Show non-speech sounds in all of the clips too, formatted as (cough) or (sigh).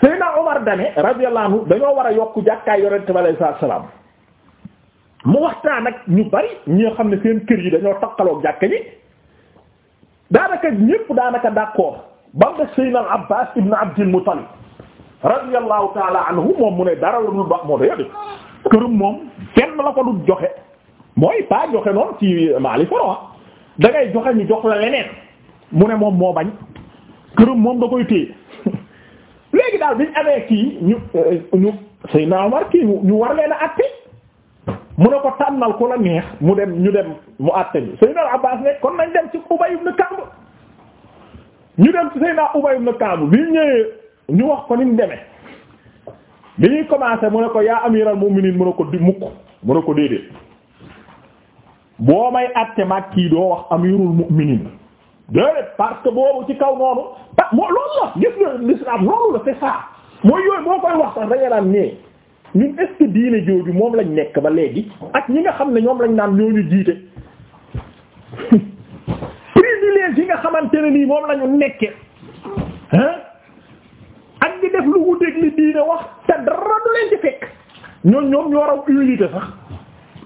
Seydina Omar dane radiyallahu anhu dañoo war a yokk jàkkaay yonente bi alayhi salaam mu waxtaan ak ñu bari ñi nga xam ne seen kër yi dañoo takkaloog jàkka ji daanaka ñépp daanaka d'accord ba mu def Seydina Abbas ibn Abdil Muttalib radiyallahu taala anhu moom mu ne dara la dul ba moo tax yéen këram moom kenn la ko dul joxe mooy pas joxe noonu ci maali foro ah. da ngay joxe ñu jox la leneen mu ne moom moo bañ këram moom da koy téye. léegi bi biñ amee kii ñu euh, ñu Seydina Omar ñu war leen a àtte mu ne ko tànnal ku la neex mu dem ñu dem mu àtte ñu Seydina Abbas ne kon nañ dem ci Ubay ibn Ka'b ñu dem ci Seydina Ubay ibn Ka'b bi ñëwee ñu wax ko ni mu demee bi ñuy commencé mu ne ko yaa amiral mu'minin mu ne ko di mukk mu ne ko déedéet boo may àtte mag kii doo wax amirul mu'minin déedéet parce que boobu ci kaw noonu ah moo loolu la gis nga l'islam loolu la c'est ça mooy yooyu boo koy wax sax da nga naan nee ñun est diine jooju moom lañu nekk ba léegi ak ñi nga xam ne ñoom lañ naan ñooñu jiite. (laughs) privilège yi nga xamante ne nii moom la ñu nekkee ak di def lu wuteeg li diine wax te dara du leen ci fekk ñoon ñoom ñoo raw humilité sax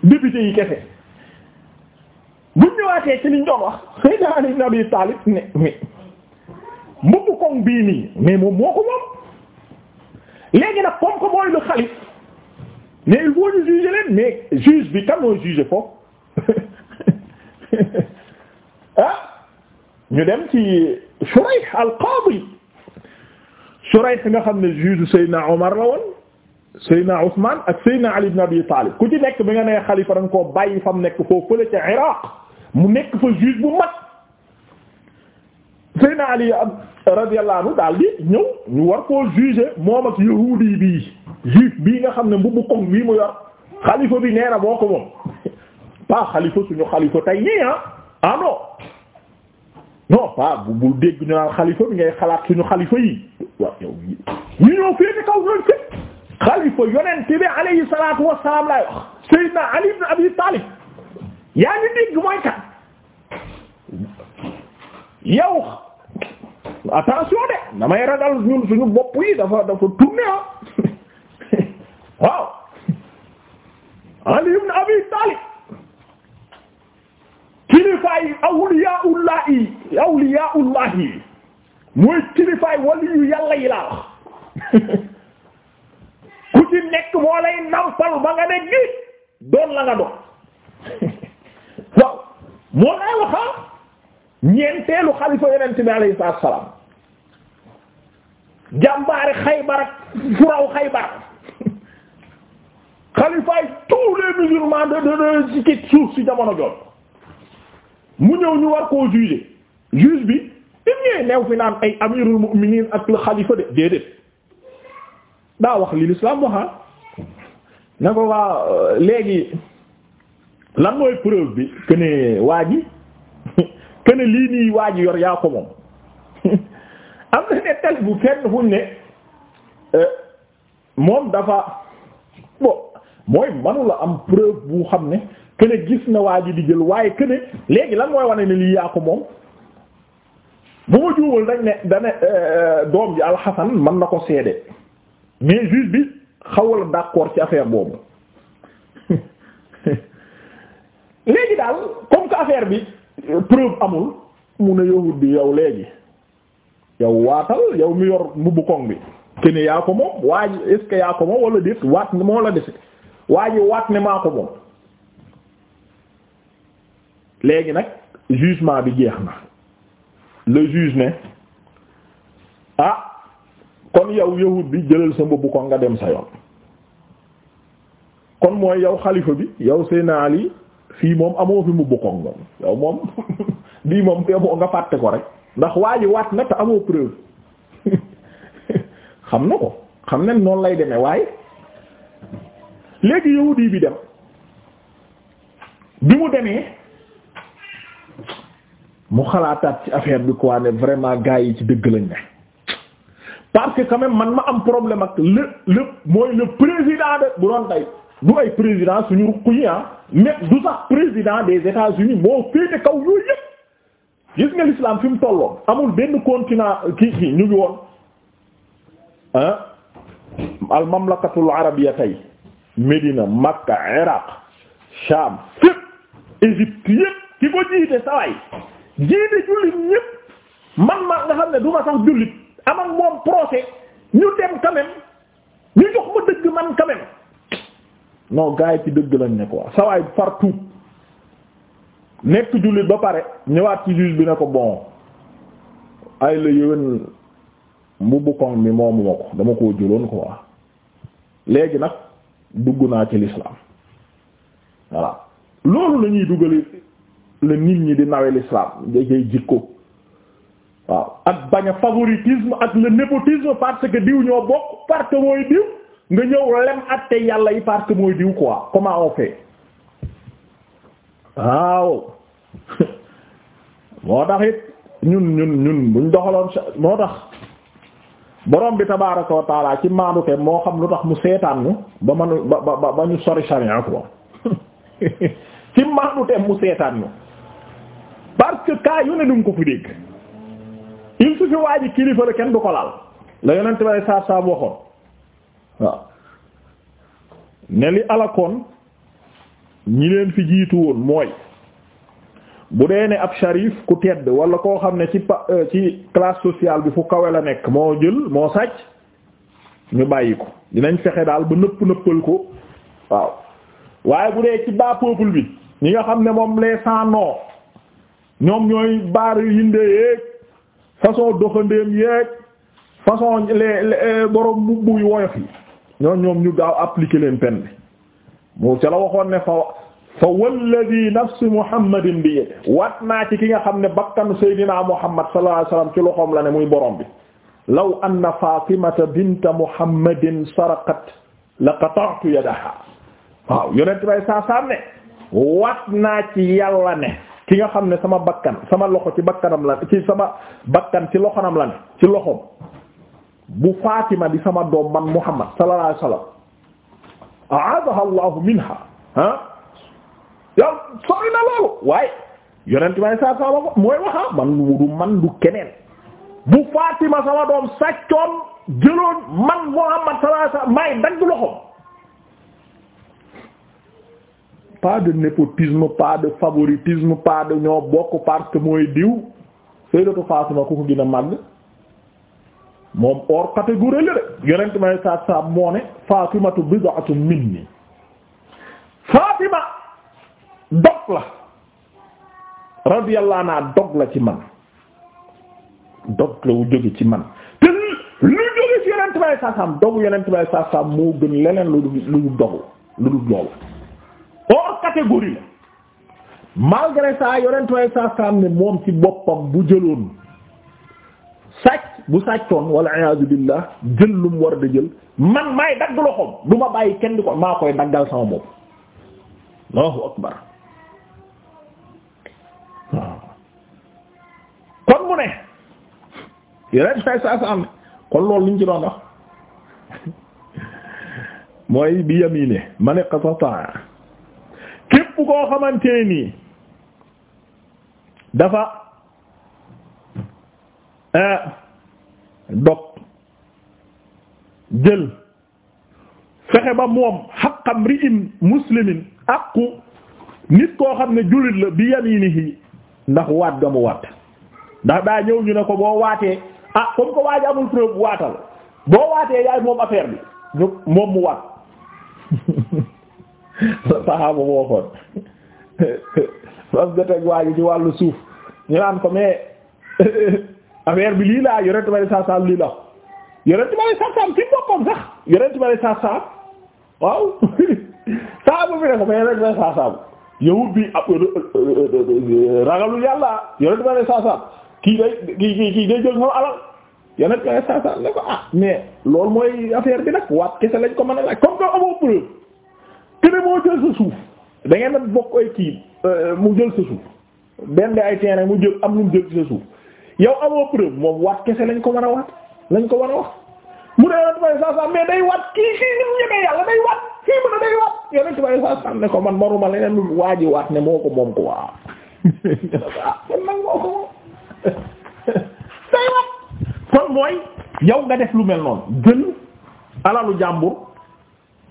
député yi kese. bu ñëwaatee ci liñ doon wax Seydina Ali ibn Abi Talib ne mais mbubbu koŋ bii nii mais moom moo ko moom léegi nag comme que mooy xalif mais il faut ñu juger leen mais bi kan mooy juger foofu (laughs) ah ñu dem ci Shurayh al-Qadi Shurayh nga xam ne juge Seydina Omar la woon Seydina Ousmane ak Seydina na ibn Abi ku ci nekk bi nga nee xalifa da nga koo bàyyi fa mu nekk foofu fële ca Iraq mu nekk fa juge bu mag Seydina Ali radiyallahu anhu daal di ñëw ñu war koo juger moom ak yahuudi bii juif bii nga xam ne mbubbu koŋ bii mu yor xalifa bi nee boo ko moom pas xalifa suñu xalifa tey nii ah ah non non pas bu bu dégg ñu naan xalifa bi ngay xalaat suñu xalifa yi waaw yow ñu ñëw féete kaw ñoom fépp xalifa yonent bi alayhi salaatu wassalaam laay wax Seydina Ali ibn Abi Talib yaa ngi dégg mooy kan yow attention de damay ragal ñun suñu bopp yi dafa dafa tourné ah. (laughs) waaw Ali ibn Abi Talib kilifaay awliyaullahi awliyaullahi mooy kilifaay waliyu yàlla yi laa wax (laughs) ku ci nekk moo lay nampal ba nga ne gi doon la nga doon (laughs) moo lay waxa ah. ñeenteelu xalifa yonent bi alayhi salaam jàmbaare Xaybar ak furaw Xaybar (laughs) xalifaay tous les musulmans de de de ci suuf si jamono jot mu ñëw ñu war koo juger juge bi im ñëwee neew fi naan ay amirul mu'minin ak le xalifa de déedéet daa wax li l'islam waxa ah. ne ko waa euh, léegi lan mooy preuve bi que waa ji kene lii nii waa ji yor yaa ko moom (laughs) am na nettali bu fenn fuñ ne euh, moom dafa bon mooy manula am preuve bu xam ne kene gis na waa ji di jël waaye kene léegi lan mooy wane ne lii yaa ko moom bu ma juumal dañ ne dane euh, doom ji alxasan mën na ko seede mais juge bi xawala dàqor ci affaire boobu (laughs) léegi daal comme que affaire bi preuve amul mu ne yahut bi yow léegi yow waatal yow mi yor mbubb koŋ bi kene yaa ko moom waa ji yaa ko moom wala déet waat moo la dese waa ji waat ne maa ko moom léegi nag jugement bi jeex na le juge ne ah kon yow yahut bi jëlal sa mbubb koŋ nga dem sa yoon kon mooy yow xalifa bi yow Seydina Ali fii moom amoo fi mu bokkoog moom yow moom bii (laughs) moom te moo nga fàtte ko rek ndax waa ji waat na te amoo preuve (laughs) xam na ko xam na noonu lay demee waaye léegi yahudi bi dem bi mu demee mu xalaataat ci affaire bi quoi ne vraiment gars yi ci dëgg lañ ne parce que quand même man ma am problème ak le le mooy le président de bu doon tey du ay président suñu ruq yi ah mais du sax président des États-Unis moo féete kaw yooyu yëpp gis nga l'islam fi mu tolloon amul benn continent kii kii ñu ngi woon ah al mamlakatul arabiyya tey Médina Makka Iraq Sham fépp Égypte ki ko jiite saway jiite jullit ñëpp man ma nga xam ne du ma sax jullit am moom procès ñu dem quand ñu jox ma dëgg man quand no gars yi ci dëgg lañ ne ko sa waay far tuub nekk jullit ba pare ñëwaat ci juge bi ne ko bon ay la yëwén mbubbu koŋ mi moomu ma ko dama koo jëloon quoi léegi nag dugg naa ci l'islam voilà loolu la ñuy la nit ñi di nawe l'islam dagay jikko waaw ak bañ a favoritisme ak le népotisme parce que diw ñoo bokk parce que mooy diw nga ñëw lem atte yàlla yi parce que mooy diw quoi comment on fait waaw (laughs) moo tax it ñun ñun ñun buñ doxaloon moo tax borom bi tabaaraka wa ci maandu te moo xam lu tax mu seetaan ñu ba manu ba ba ba ñu sori charia quoi (laughs) ci maandu te mu seetaan ñu parce que yu ne duñ ko fi dégg il suffit waa ji kilifa la kenn du ko laal la yonent ba saa saa waxoon waaw ne li alakoon ñi leen fi jiitu woon mooy bu dee ne ab sharif ku tedd wala koo xam ne ci pa euh, ci classe sociale bi fu kawe la nekk moo jël moo sàcc ñu bàyyi ko dinañ fexe daal ba nëpp nëppal ko waaw waaye bu dee ci bas peuple bi ñi nga xam ne moom les sans-nom ñoom ñooy baar yinde yeeg façon doxandéem yeeg façon les euh, borom mbubb yu woyof yi ñoo ñoom ñu gaaw appliquer leen peine bi mu ca la waxoon ne fa fa walladi nafsi muhammadin bi yede waat naa ci ki nga xam ne bakkan seydinaa muhammad sallallahu alayhi wasallam ci loxoom la ne muy borom bi law anna fatimata binta muhammadin saraqat la qata'tu yadaha waaw yonent bay saa ne waat naa ci yàlla ne ki nga xam ne sama bakkan sama loxo ci bakkanam la ci sama bakkan ci loxonam la ne ci loxoom bu Fatima di sama doom man Muhammad sallallahu alayhi wasallam a'adaha Allahu minha ah yow sori na loolu waaye yonent may saa saa ma mooy waxa ah, man du man du keneen bu Fatima sama doom sàccoon jëloon man Muhammad sallallahu alayhi wasallam may dagg loxoom pas de népotisme pas de favoritisme pas de ñoo bokk parce que mooy diw Sayyidatu Fatima ku ko gën a màgg moom hors catégorie la de yonent may saat saab moo ne fatimatu bid'atun minni fatima dog la radiyallahu anha dog la ci man dog la wu jóge ci man te lu jóge ci yonent may saat saab dogu yonent may saat saab moo gën leneen lu lu dogu lu dul loolu hors catégorie la malgré yonent may saat saab ne moom ci boppam bu jëloon sàcc bu sàccoon wala iyaadu billah jël lu mu war da jël man maay dagg loxoom du ma bàyyi kenn di ko maa koy daggal sama bopp Allahu akbar kon mu ne yeneen fay saa saa am kon loolu liñ ci doon wax mooy bi yamine ma ne qatata képp koo xamante nii dafa Euh, dog jël fexe ba moom xaqam ri im muslimin nit koo xam ne jullit la bi yaminihi ndax waat ga mu waat ndax daa ñëw ñu ne ko boo waatee ah comme ko waaji amul preuve waatal boo waatee yaay moom affaire bi moom mu waat (laughs) la saxaaba waxoon parce (laughs) que teg ci wàllu suuf ñu naan ko mais (laughs) affaire bi lii laa yonent bi saa saam lii la yonent bi saa saam ci boppam sax yonent bi saa saam waaw (laughs) saa saam yawut bi ab euh, euh, euh, ragalul yàlla yonent bi saa saam kii day kii kii day jël sama alal yonent bi saa ne ko ah mais loolu mooy affaire bi nag waat kese lañ ko mën a laaj comme que amoo preuve keneen moo jël sa suuf da ngeen a kii mu jël sa suuf benn ay terrain mu jël am lu mu jël sa suuf. yow amoo preuve moom waat kese lañ ko war a waat lañ ko war a wax mu ne yonent bay saa saa mais day waat kii kii ni mu ñemee yàlla day waat kii mu ne day waat yonent bay saa saa ne ko man maruma leneen lu waaji waat ne moo ko moom ko waaw (laughs) kon nag moo ko moom day waat kon mooy yow nga def lu mel noonu jël alalu jàmbur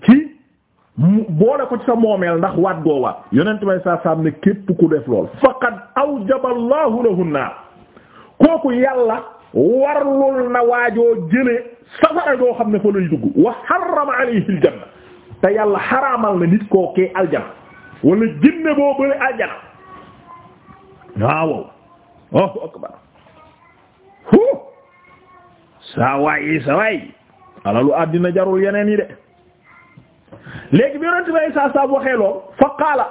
ci mu boole ko ci sa moomeel ndax waat goo waat yonent bay saa saa ne képp ku def lool faqad awjaba Allahu lahu an-nar kooku yàlla warlul waajoo jëlee safara joo xam ne fa lay dugg wa harrama alayhi aljanna te yàlla xaraamal na nit koo kee aljana wala jinne boo bëri aljana waaw Allahu akbar hu saa waay saa waay jarul yeneen yi de léegi bi yonent bay saa saa waxee lool fa qaala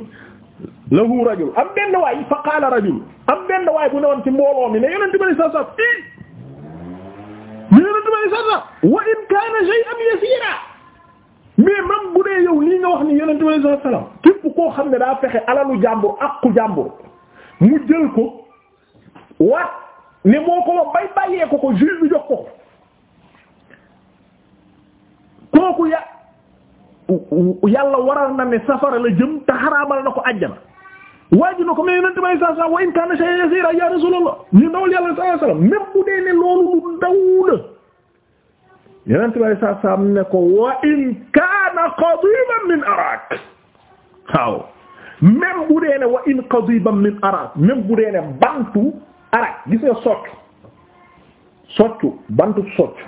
(laughs) lahu rajul am benn waay fa qaala rajul am benn waaye bu newoon ci mbooloo mi ne yonent bi i ne yonent koo xam ne daa fexe alalu jàmbur akku mu jël ko ko wax bay ya yàlla waral na ne safara la jëm te xaraamal na ko àjjana waa ji na ko mais yonent may saa saa wa in kaana shay'an bu dee ne loolu lu ndaw la yonent may saa saa ne ko wa in kaana qadiban min arak waaw même bu dee ne wa in qadiban min arak même bu dee ne bantu arak gis soccu soccu bantu soccu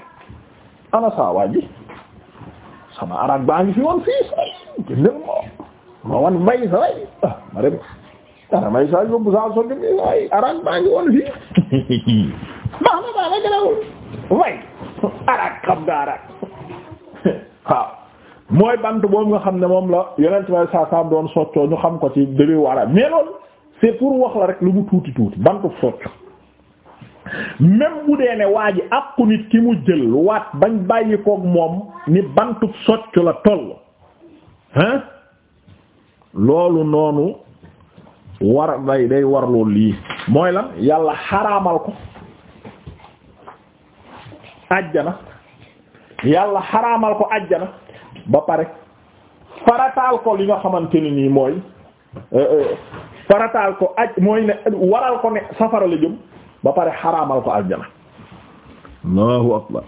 ana saa waa ji sama arak baa ngi fi woon fii say ma wan bay ah, ma dem dara may saa yóbbu saa sotti bi waaye arabe maa ngi woon fii (laughs) baax na baax na gënawul way arabe xam nga arabe (laughs) waaw mooy bant boobu nga xam ne moom la yonent may saa doon soccoo ñu xam ko ci dëgëwu arabe mais loolu c'est pour wax la rek lu mu tuuti tuuti bantu soccu même bu ne waa ji àqu nit ki mu jël waat bañ bàyyi koog moom ni bantub soccu la toll loolu noonu war day day war loolu lii mooy la yàlla xaraamal ko ajjana yàlla xaraamal ko ajjana ba pare farataal ko li nga xamante ne nii mooy euh, euh, farataal ko aj mooy ne waral ko ne safara la jëm ba pare xaraamal ko aljana allahu akbar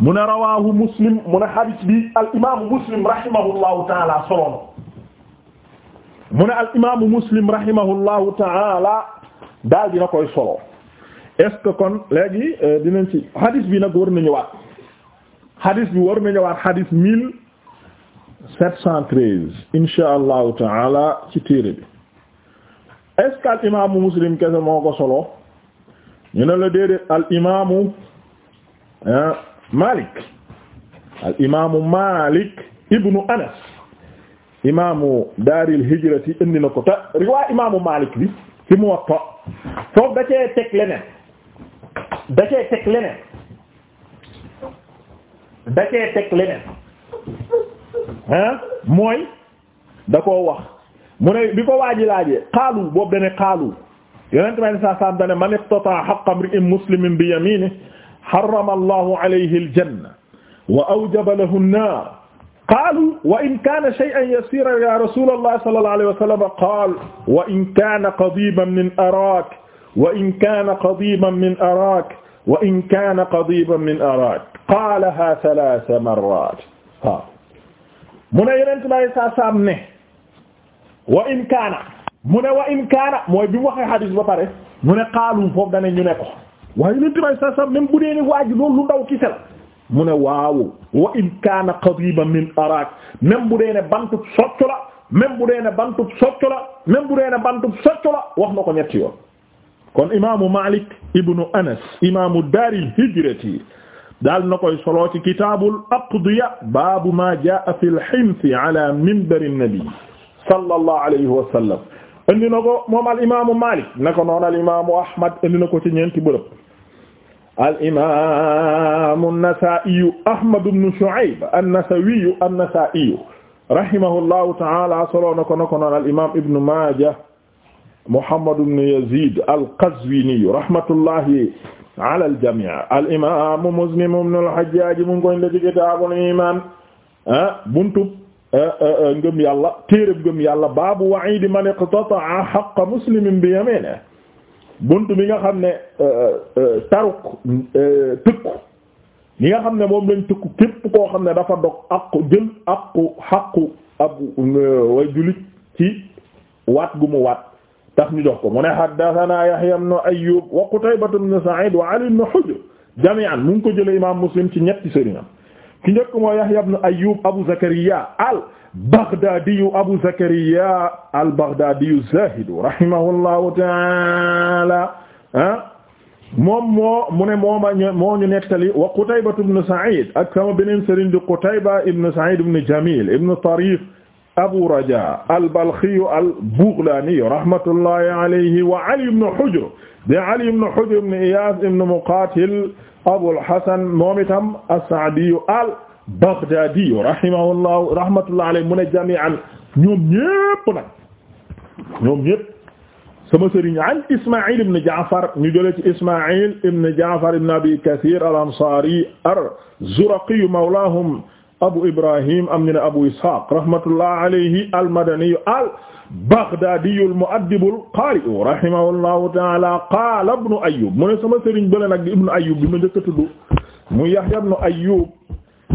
mu ne rawahu muslim mu ne hadith bi al imaamu muslim rahimahullahu taala solono mu ne al imaamu muslim rahimahullahu taala daal dina koy solo est ce que kon léegi euh, dinañ ci hadis bi nag war na ñëwaat hadis bi war na ñëwaat hadis mille sept cent treize insha allahu taala ci téere bi est ce al imaamu muslim kese moo ko solo ñu ne la déedéet al imaamu Malik al imaamu Malik ibnu Anas. imaamu daaril hijrati indi na ko te riwaay imaamu Maalik bi ci Muwatta foofu da cee teg leneen da cee teg leneen da cee teg leneen ah mooy da koo wax mu ne bi ko waaji laajee xaalu boobu dane xaalu yonent may ne saa saam dane man iqtata haqqa imri'in muslimin bi yaminihi harrama Allahu alayhi al-janna wa awjaba lahu an-nar qaalu wa in kaana shay'an yasiiran yaa rasuulallah sallallahu alayhi wa sallam qaal wa in kaana qadiiban min araak wa in kaana qadiiban min araak wa in kaana qadiiban min araak qaalahaa salaasa marraat waaw mu ne yeneen tubaab yi saa saam ne wa in kaana mu ne wa in kaana mooy bi mu waxee hadiis ba pare mu ne qaalu foofu dañu ne ñu ne ko waaye yeneen tubaab yi saa saam même bu dee ne waa ji loolu lu ndaw kese la mu ne waaw wa in kaana qadiban min araak même bu dee ne bantub soccu la même bu dee ne bantub soccu la même bu dee ne bantub soccu la wax na ko ñetti yoon kon imaamu Malik ibnu Anas imaamu daari hijrati daal na koy solo ci kitaabul aqdiya baabu maa jaa fi lxinsi ala minbari nabi sallallahu alayhi wa sallam indi na ko moom al imaamu Malik na ko noon al imaamu Ahmad indi na ko ci ñeenti bërëb al imaamu an-Nasaa'iyu Ahmad ibn Shu'ayb an-Nasawiyu an-Nasaa'iyu rahimahullahu ta'ala solo na ko na ko noon al imaam Ibn Maajah Muhammad ibn Yazid al-Qazwiniyu rahmatullahi ala al-jamii' al imaamu Muslim ibn al-Hajjaaj mu ngi koy indi ci kitaabul iimaan ah, buntu eh, eh, ngëm yàlla téereb ngëm yàlla baabu wa'iidi man iqtata'a haqqa muslimin bi yamiinihi bunt bi nga xam ne euh, euh, euh, taruk tëkku li nga xam ne moom lañ tëkku képp koo xam ne dafa dog aqu jël aqu xaqu ab way jullit ci waat gu mu waat tax ñu jox ko mu ne haddathana Yahya ibn Ayyub wa Qutaybah ibn Sa'id wa Ali ibn Hujr jami'an mu ngi ko jëlee imam Muslim ci ñetti sëriñam ki njëkk moo Yahya ibn Ayyub Abu Zakariya al-Baghdadiyu Abu Zakariya al-Baghdadiyu zahidu rahimahullahu ta'ala ah, moom moo mu ne mooma moo ñu nettali wa Qutayba ibn Sa'id ak sama beneen sëriñ di Qutayba ibn Sa'id ibn Jamil ibn Tarif Abu Raja al-Balkhiyu al-Baghlaniyu rahmatullahi alayhi wa Ali ibn Hujr di Ali ibn Hujr ibn Iyas ibn Muqatil Abul Hasan moom itam as-Sa'di al-Baghdadi rahimahullah rahmatullah alayhi mu ne jami'an ñoom ñépp nag ñoom ñépp sama sëriñ an Isma'il ibn Ja'far ñu jëlee ci Isma'il ibn Ja'far ibn Abi Kathir al-Ansari ar-Zuraqi mawlahum abu ibrahim am ñu ne abu ishaq rahmatullah alayhi almadaniyu al baghdadiyu al mu'addibu al qaari'u rahimahullahu ta'ala qaala ibnu ayyub mu ne sama sëriñ bële nag di ibnu ayyub bi ma njëkk a tudd mu yahya ibnu ayyub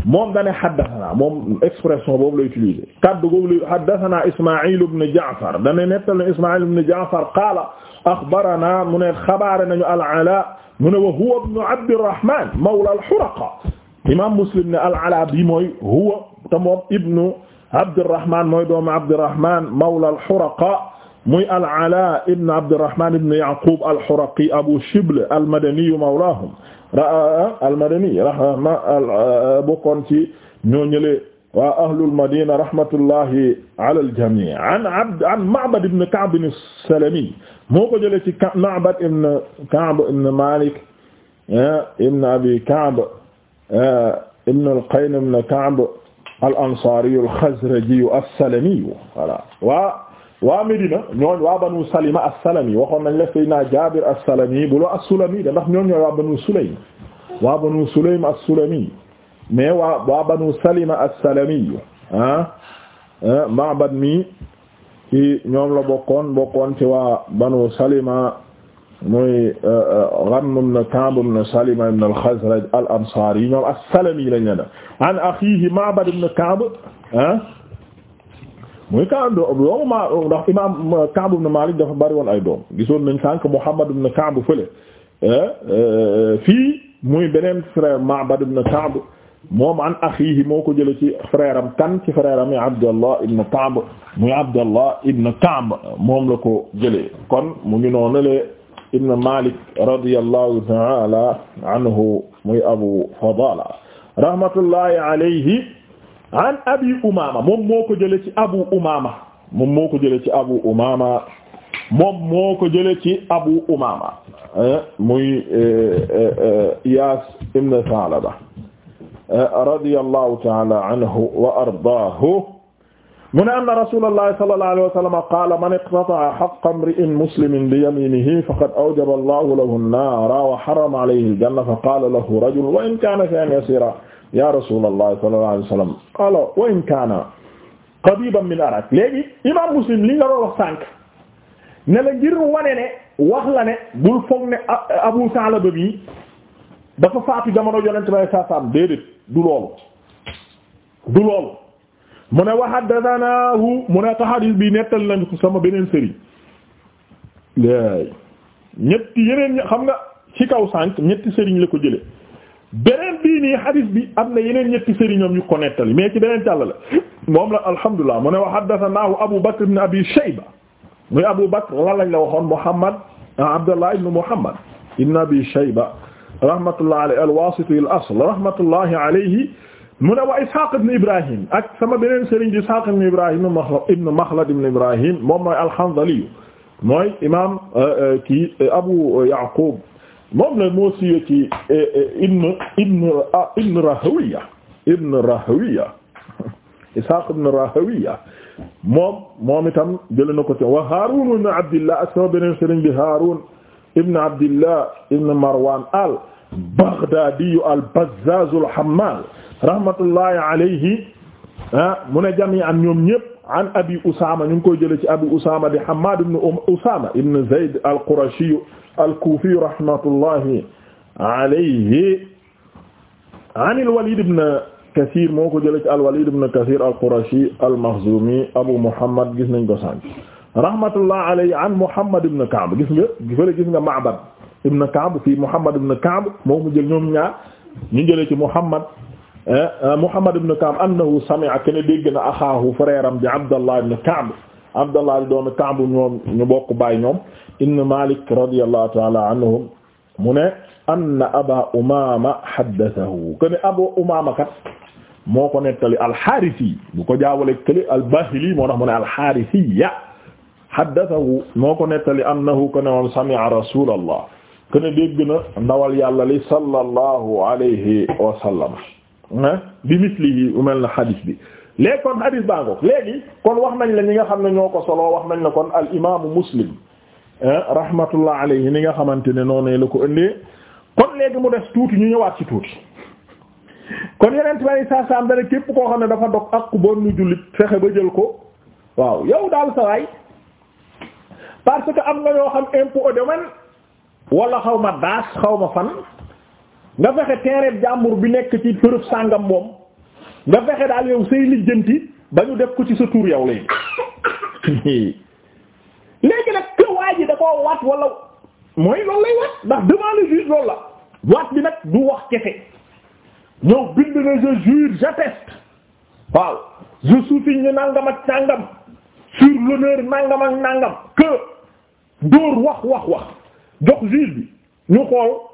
moom dane haddathana moom expression boobu la utiliser kaddu boobu la haddathana isma'il ibn ja'far dane nettali isma'il ibn ja'far qaala akhbarana mu ne xabaare nañu al ala mu ne wa huwa ibnu abdirrahman mawla al huraqa imaam muslim ne al-Alaa bi mooy huwa te moom ibnu Abdirahman mooy doomu Abdirahman mawla al-Huraqa muy al-Alaa ibnu Abdirahman ibnu Yaqub al-Huraqi Abu Shibl al-Madani mawlaahum ah, al-Madani rahma ah, bokkoon ci ñoo ñële waa ahlul Madina rahmatullahi ala al-jamii an Abd an Ma'bad ibnu Ka'b as-Salami moo ko jëlee ci Ma'bad ibnu Ka'b ibnu Maalik ah, ibnu Abi Ka'b Euh, ibn al-Qayn ibn Ka'b al-Ansari al-Khazraji as-Salami voilà waa waa Medina ñooñ waa Banu Salima as-Salami waxoon nañ la Seydina Jaabir as-Salami bu la as-Sulami da ndax ñooñ ñooy waa Banu Sulaym waa Banu Sulaym as-Sulami mais waa waa Banu Salima as-Salami ah, ah Ma'bad mi ci ñoom la bokkoon bokkoon ci waa Banu Salima mooy euh, euh, Ghanm ibn Ka'b ibn Salima ibn al-Khazraj al-Ansari ñoom as-Salami lañ leen an akhihi Ma'bad ibn Ka'b ah muy Ka'b doomu ma ndax imaam euh, Ka'b ibn Malik dafa bari woon ay doom gisoon nañ sànq Muhammad ibn Ka'b fële fii muy beneen frère Ma'bad ibn Ka'b moom an akhihi moo ko jëlee ci frère am kan ci frère am Abdallah ibn Ka'b muy Abdallah ibn Ka'b moom la ko jëlee kon mu ibn Malik radiyallahu ta'ala anhu muy Abu Fadala rahmatullahi alayhi an Abi Umama moom moo ko jëlee ci Abu Umama moom moo ko jëlee ci Abu Umama moom moo ko jëlee ci Abu Umama eh, muy eh, eh, Iyas ibn Salaba radiyallahu ta'ala anhu wa ardaahu mu ne anna rasulallahi sallallahu alayhi wa sallam qaala man iqtata'a haqqa imri'in muslimin bi yaminihi faqad awjaba allahu lahu an-naara wa harrama alayhi al-janna fa qaala lahu rajul wa in kaana shay'an yasiira ya rasulallahi sallallahu alayhi wa sallam qaala wa in kaana qadiban min arak léegi imam muslim li nga doon wax sànq ne la ngir wane ne wax la ne bul foog ne abu Saalaba bi dafa faatu jamono yonent bi sallallahu alayhi wa sallam déedéet du loolu du loolu mu ne wa haddathanaahu mu ne taxadis bi ko sama beneen sëriñ laay ñetti yeneen xam nga ci kaw sànq ñetti sëriñ la ko jële beneen bii nii bi am na yeneen ñetti sëriñam yu ko nettali mais ci la moom la alhamdulilah mu ne wa haddathanaahu Abu Bakr ibn Abi Shayba muy Abu Bakr lan lañ la waxoon Muhammad ah, Abdullah Abi Shayba rahmatullahi alayhi al-Wasiti al mu ne wa Ishaq ibn Ibrahim ak sama beneen sëriñ di Ishaq ibn Ibrahim ibn Makhlad ibn Ibrahim moom mooy al-Hanzali mooy imaam euh, euh, kii euh, Abu Yaqub moom la moo siiwee ci ibn ibn ah, ibn Rahawiya ibn Rahawiya (laughs) Ishaq ibn Rahawiya moom moom itam jëlee na ko ci wa Haarun ibn Abdillah ak sama beneen sëriñ di Haarun ibn Abdillah ibn Marwan al-Baghdadi al-Bazzaz al-Hammal rahmatullahi alayhi ah, mu ne jami'an ñoom ñëpp an abi Usaama ñu ngi koy jëlee ci abi Usaama di Hammaad ibn umm Usaama ibn Zayd al-Qurashi al-Kufi rahmatullahi alayhi an al-Walid ibn Kathir moo ko jëlee ci al-Walid ibn Kathir al-Qurashi al-Makhzumi Abu Muhammad gis nañ ko sànq rahmatullahi alayhi an Muhammad ibn Ka'b gis nga fële gis nga Ma'bad ibn Ka'b fii Muhammad ibn Ka'b moo ko jël ñoom ñaar ñu jëlee ci Muhammad Eh, eh, Muhammad ibn Ka'b annahu sami'a kana dégg na axaahu frère am bi Abdallah ibn Ka'b Abdallah di doomi Ka'b ñoom ñu bokk baay ñoom ibn Malik radiyallahu ta'ala anhum mu ne anna Aba Umaama haddathahu kana Abu Umaama kat moo ko nettali al-Haarisi bu ko jaawale kële al-Baahili moo tax mu ne al-Haarisiya haddathahu moo ko nettali annahu kana moom sami'a Rasuulallah kana dégg na ndawal yàlla li sallallahu alayhi wa sallam bi mislihi mel na hadith bi léegi kon hadith baa léegi kon wax nañ la ñi nga xam ne ñoo ko solo wax nañ la kon al imaamu muslim eh, rahmatullah alayhi ni nga xamante ne noonu la ko ëndee kon léegi mu des tuuti ñu ñëwaat ci tuuti kon yeneen tubaab yi saa saa am képp koo xam ne dafa dog ak bon nu jullit fexe ba jël ko waaw yow daal sa waay parce que am nga ñoo xam impôt domaine wala xaw ma daas xaw ma fan. nga fexe teereeb jàmbur bi nekk ci bërëb sàngam moom nga fexe daal yow say lijjanti ba ñu def ko ci sa tuur yow léegi (laughs) léegi nag que waa ji da waat wala mooy loolu lay waat ndax devant le juge la waat bi nag du wax kese ñëw bind na je jure j'atteste waaw je sousigne nangam ak nangam sur l'honneur nangam ak nangam que dóor wax wax wax jox juge bi ñu xool.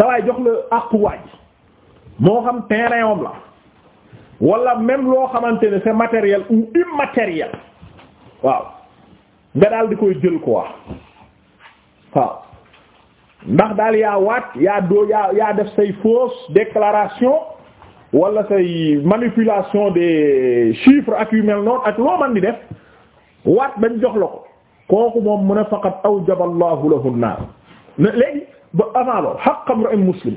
sawaay jox la àquwaay moo xam terrain om la wala même loo xamante ne c'est matériel ou immatériel waaw nga daal di koy jël quoi waaw ndax daal yaa waat yaa doo yaa def say fausse déclaration walla say manipulation des chiffres ak yu mel noonu ak loo man di def waat bañ jox la ko kooku moom mu ne faqat awjaba Allahu lahu an-nar léegi ba avant loolu haqqam ra'in muslim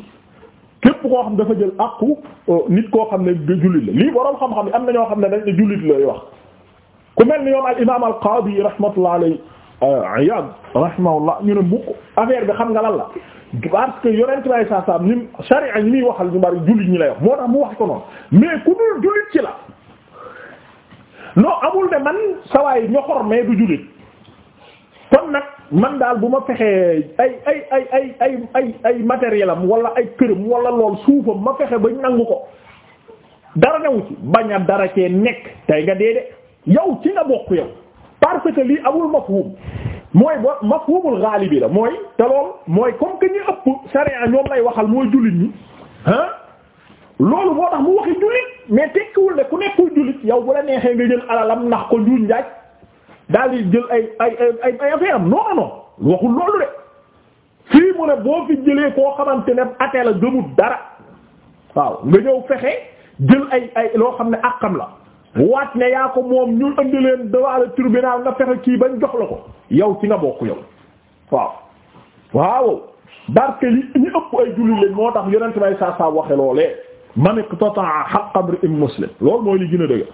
képp koo xam dafa jël àqu euh, nit koo xam ne jullit la lii boroom xam-xam yi am na xam ne dañ ne jullit lay wax ku mel ni ñoom al imaam al qaadi rahmatullah alayhi euh, Iyaad rahimahullah ñu ne mukk affaire bi xam nga lan la parce que yonent bi saa saa ni sharia ñi muy waxal ñu bari jullit ñi lay wax moo tax mu wax ko noonu mais ku dul jullit ci la non amul ne man sawaay ñoxor mais du jullit kon nag man daal bu ma fexee ay ay ay ay ay ay ay matériel am wala ay këram wala lool suufam ma fexe ba nangu ko dara newu ci bañ a dara cee nekk tey nga dee de yow ci nga bokk yow parce que lii amul mafhum mooy bo mafhumul ghalibi la mooy te lool mooy comme que ñu ëpp sharia ñoom lay waxal mooy jullit ñi ah loolu moo tax mu waxi jullit mais tekkiwul ne ku nekkul jullit yow bu la neexee nga jël alalam ndax ko njuuñ njaaj daal di jël ay ay ay ay affaire am non non waxul loolu de fii mu ne boo fi jëlee koo xamante ne atee la gëmut dara waaw nga ñëw fexe jël ay ay loo xam ne àqam la waat ne yaa ko moom ñu indi leen devant le tribunal nga fexe kii bañ jox la ko yow ci nga bokk yow waaw waaw barke yi ñu ëpp ay julli lañ moo tax yonent may saa saa waxe loolee man iqtata'a haqqa imri'in muslim loolu mooy li gën a dëgg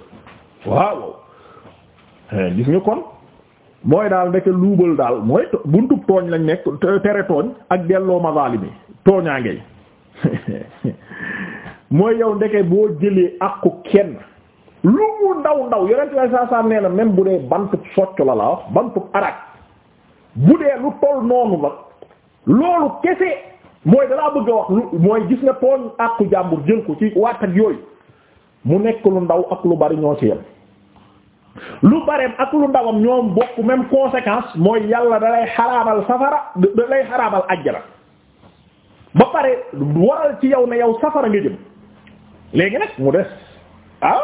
waaw Eh, gis nga kon mooy daal ndeke luubal daal mooy buntub tooñ lañ nekk tere tooñ ak delloo mazalimi tooñaangey (laughs) mooy yow ndeke boo jëlee àqu kenn lu ndaw ndaw yonent lay saa saa nee na bu dee bantub soccu la la wax bantub arak bu dee lu toll noonu nag loolu kese mooy dalaa bëgg a wax mooy gis nga tooñ àqu jàmbur jël ko ci waat ak yooyu mu nekk lu ndaw ak lu bari ñoo ci yem lu bareem ak lu ndawam ñoom bokk même conséquence mooy yàlla da lay xaraamal safara da lay xaraamal ajjana ba pare waral ci yow ne yow safara nga jëm léegi nag mu des ah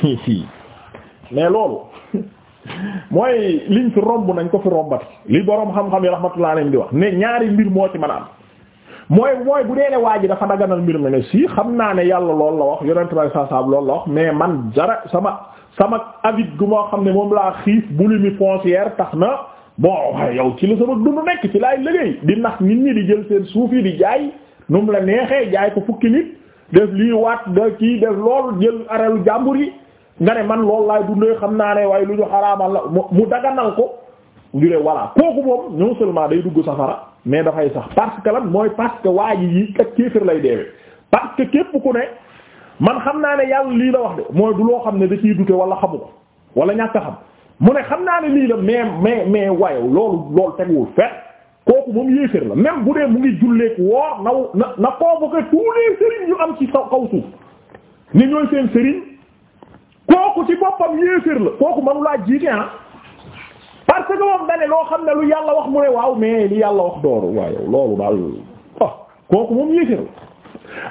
(laughs) mais loolu (laughs) mooy liñ fi romb nañ ko fi rombati li boroom xam-xam yi rahmatullah alayhi di wax ne ñaari mbir moo ci mën a am mooy mooy bu dee ne waa ji dafa daganal mbir mi ne si xam naa ne yàlla lool la wax yonent bi sallallahu alayhi wasallam la wax mais man dara sama sama avide gu moo xam ne moom laa xiif boulimie foncière tax na bon waaye yow ci la sama dund nekk ci laay liggéey di nax nit ñi di jël seen suuf yi di jaay nu mu la neexee jaay ko fukki nit def lii waat da kii def loolu jël aralu jàmbur yi nga ne man loolu laay dundee xam naa ne waaye lu ñu xaraamal la mu daganal ko ñu ne voilà kooku moom non seulement day dugg safara mais dafay sax parce que lan mooy parce que waa ji yi ak kéefër lay deewee parce que képp ku ne man xam naa ne yàlla lii la wax de mooy du loo xam ne da ciy dute wala xamu ko wala ñàkk xam mu ne xam naa ne lii la mais mais mais waaye loolu loolu teguwul fet kooku moom yéeféer la même bu dee mu ngi julleek woor na na convoqué tous les sëriñ yu am ci kaw kaw suuf ni ñooy seen sëriñ kooku ci boppam yéeféer la kooku manu laa jiite ah parce que moom dane loo xam ne lu yàlla wax mu ne waaw mais li yàlla wax dooru waaye loolu daal ah kooku moom yéeféer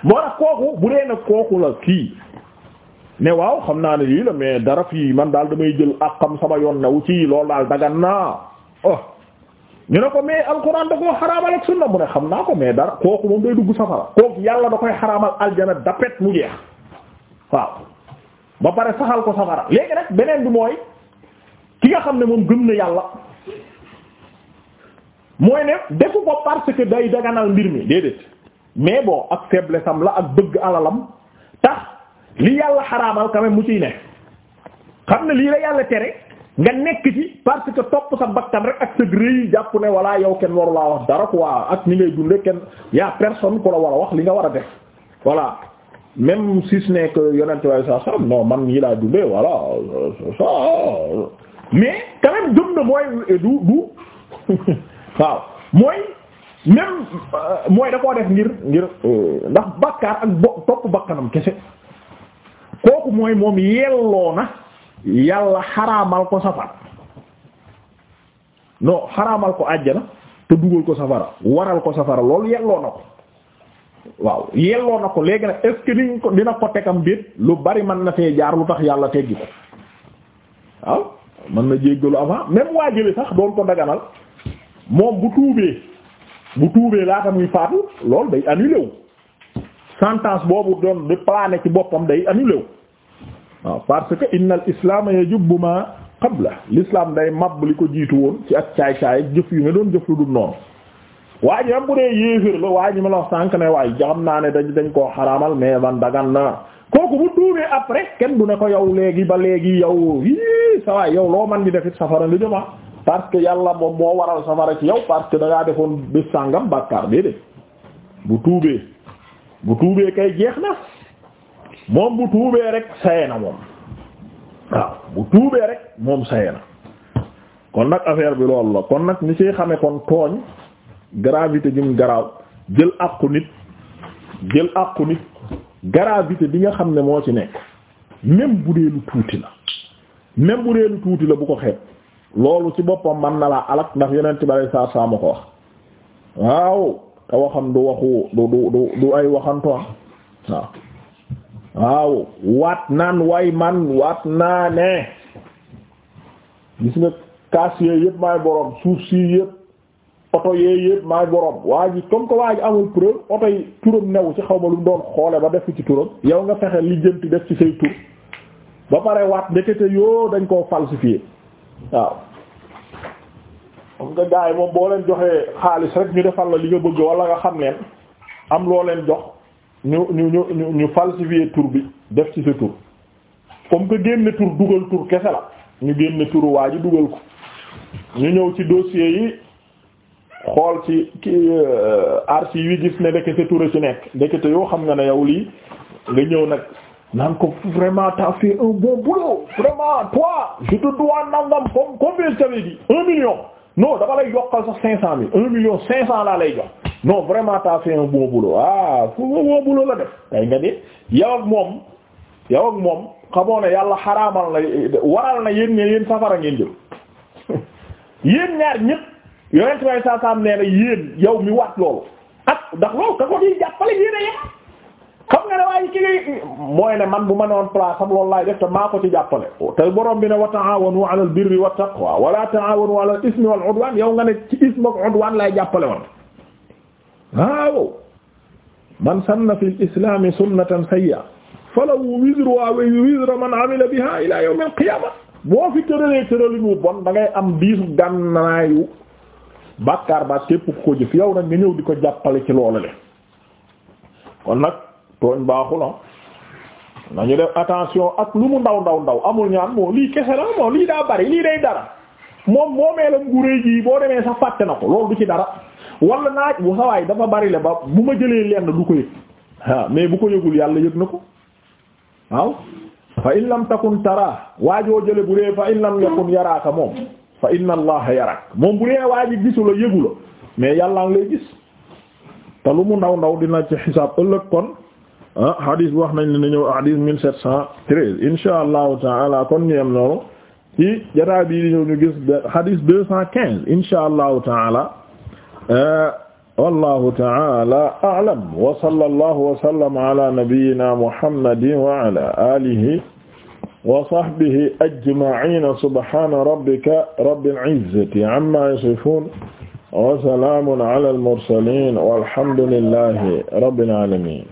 moo tax kooku bu dee nag kooku la kii ne waaw xam naa ne lii la mais dara fii man daal damay jël akam sama yoon na ci lool daal dagan naa oh ñu ne ko mais alxuraan da koo xaraamal ak sunna mu ne xam naa ko mais dara kooku moom day dugg safara kooku yàlla da koy xaraamal aljana dapet mu jeex waaw ba pare saxal ko safara léegi nag beneen bi mooy ki nga xam ne moom gëm na yàlla mooy ne defu ko parce que day daganal mbir mi déedéet mais bon ak faiblesse am la ak bëgg alalam tax li yàlla xaraamal quand même mu ciy ne xam ne lii la yàlla tere nga nekk ci parce que topp sa bakkan rek ak sa rëy jàpp ne walaa yow kenn waru laa wax dara waa ak ni ngay dunde kenn y'a personne ku la war a wax li nga war a def voilà même si ce n'est que yonente way sa sam non man yi laa dunde voilà mais quand même na mooy du du (laughs) waaw mooy même euh, mooy da koo def ngir ngir euh, ndax bakkaar ak topp bakkanam kese kooku mooy moom yelloo na yàlla xaraamal ko safara non xaraamal ko àjjana te dugal ko safara waral ko safara loolu yelloo na ko waaw yelloo na ko léegi nag est ko dina ko tegam biit lu bari mën na fee jaar lu tax yàlla teggi ko waaw mën na jéggalu avant même waa jële sax doon ko daganal moom bu tuubee bu tuubee laata muy faatu loolu day annulé wu sentence boobu doon di plané ci boppam day annulé wu waaw parce que innal islam yajubbu ma la lislaam day mab li ko jiitu woon ci ak caay-caay jëf yu nga doon jëf lu dul noonu waa ji waa ji ma la wax sànq ne waaye jaxam naa ne dañ dañ koo xaraamal mais man dagan na kooku bu tuubee après kenn du ne ko yow léegi ba léegi yow i sa waay yow loo man di defit safara li jëma parce que yàlla moom moo waral safara ci yow parce que da defoon bés sàngam bàkkaar déedéet bu tuubee bu tuubee kay jeex na moom bu tuubee rek saye na moom bu tuubee rek moom saye na kon nag affaire bi loolu la kon nag ñi ciy xame kon tooñ gravité jum garaaw jël àqu nit jël àqu nit gravité bi nga xam ne moo ci nekk même bu dee lu tuuti la même bu dee lu tuuti la bu ko xet loolu ci boppam man na laa alak ndax yonent bi alay saa saa ma ko wax waaw te waxam du waxu du du du du ay waxantoon waaw waaw waat naan way man waat naa ne gis nga kaas yee yëpp maay borom suuf si yëpp oto yee yëpp maay borom waa ji comme que waa ji amul preuve oto yi turam new ci xaw ma lu mu doon xoole ba def ci turam yow nga fexe li jënti def ci say tur ba pare waat ndekete yoo dañ koo falsifié waaw comme nga gars yi moom boo leen joxee xaalis rek ñu defal la li nga bëgg wala nga xam leen am loo leen jox ñu ñu ñu ñu falsifier tur bi def ci sa tur comme que génne tur dugal tur kese la ñu génne turu waa ji dugal ko ñu ñëw ci dossier yi xool ci ki euh, archives yi gis ne ndekete tur a ci nekk ndekete yoo xam nga ne yow lii nga ñëw nag naan ko vraiment t'as fait un bon boulot vraiment toi je te dois nangam comme combien j'avais dit un million non dama lay yokkal sax cinq cent mille un million cinq cent laa lay jox non vraiment t'as fait un bon boulot ah fu nga bon boulot la def day nga de yow moom yow moom xamoo ne yàlla xaraamal na waral na yéen ne yéen safara ngeen jël (laughs) yéen ñaar ñëpp yonent way saa sam nee na mi waat loolu ak ndax loolu ka ko di jàppale yéen a xam nga ne waaye ki ngay mooy ne man bu ma noon place am loolu laay def te maa ko ci jàppale te borom bi ne wa ta'awanu 'ala al-birri wat-taqwa wa la ta'awanu 'ala al-ismi wal-'udwan yow nga ne ci ism ak 'udwan laay jàppale woon waaw man sanna fi al-islam sunnatan sayyi'a falahu wizruha wa wizru man 'amila biha ila yawm al-qiyamah boo fi tëralee tëralin wu bon da ngay am biisu gànnaayu bàkkaar ba tépp ko jëf yow nag nga ñëw di ko jàppale ci loolu le kon nag tooñ baaxula ah ñu def attention ak lu mu ndaw ndaw ndaw amul ñaan moo lii kese la moo lii daa bari lii day dara moom moo meelam gurée jii boo demee sax fàtte na ko loolu du ci dara wala naaj bu sawaay dafa bari la ba bu ma jëlee lenn du ko yëg waaw mais bu ko yëgul yàlla yëg na ko waaw fa in lam takun tara waajoo jële bu dee fa in lam yakun yaraaka moom fa inna allaha yarak moom bu dee waa ji gisu mais yàlla ngi lay gis te lu mu ndaw ndaw dina ci xisaab ëllëg kon ah hadis wax nañ ne ñëw hadis mille sept cent treize insha allahu taala kon ñu yem noonu ci jotaay bii di ñëw ñu gis hadis deux cent quinze insha allahu taala eh, wallahu taala a'lam wa sallallahu wa sallama ala nabiyyina muhammadin wa ala alihi wa sahbihi ajma'in subhana rabbika rabbil izzati amma yasifun wa salamun ala al mursalin walhamdulillahi rabbil alamin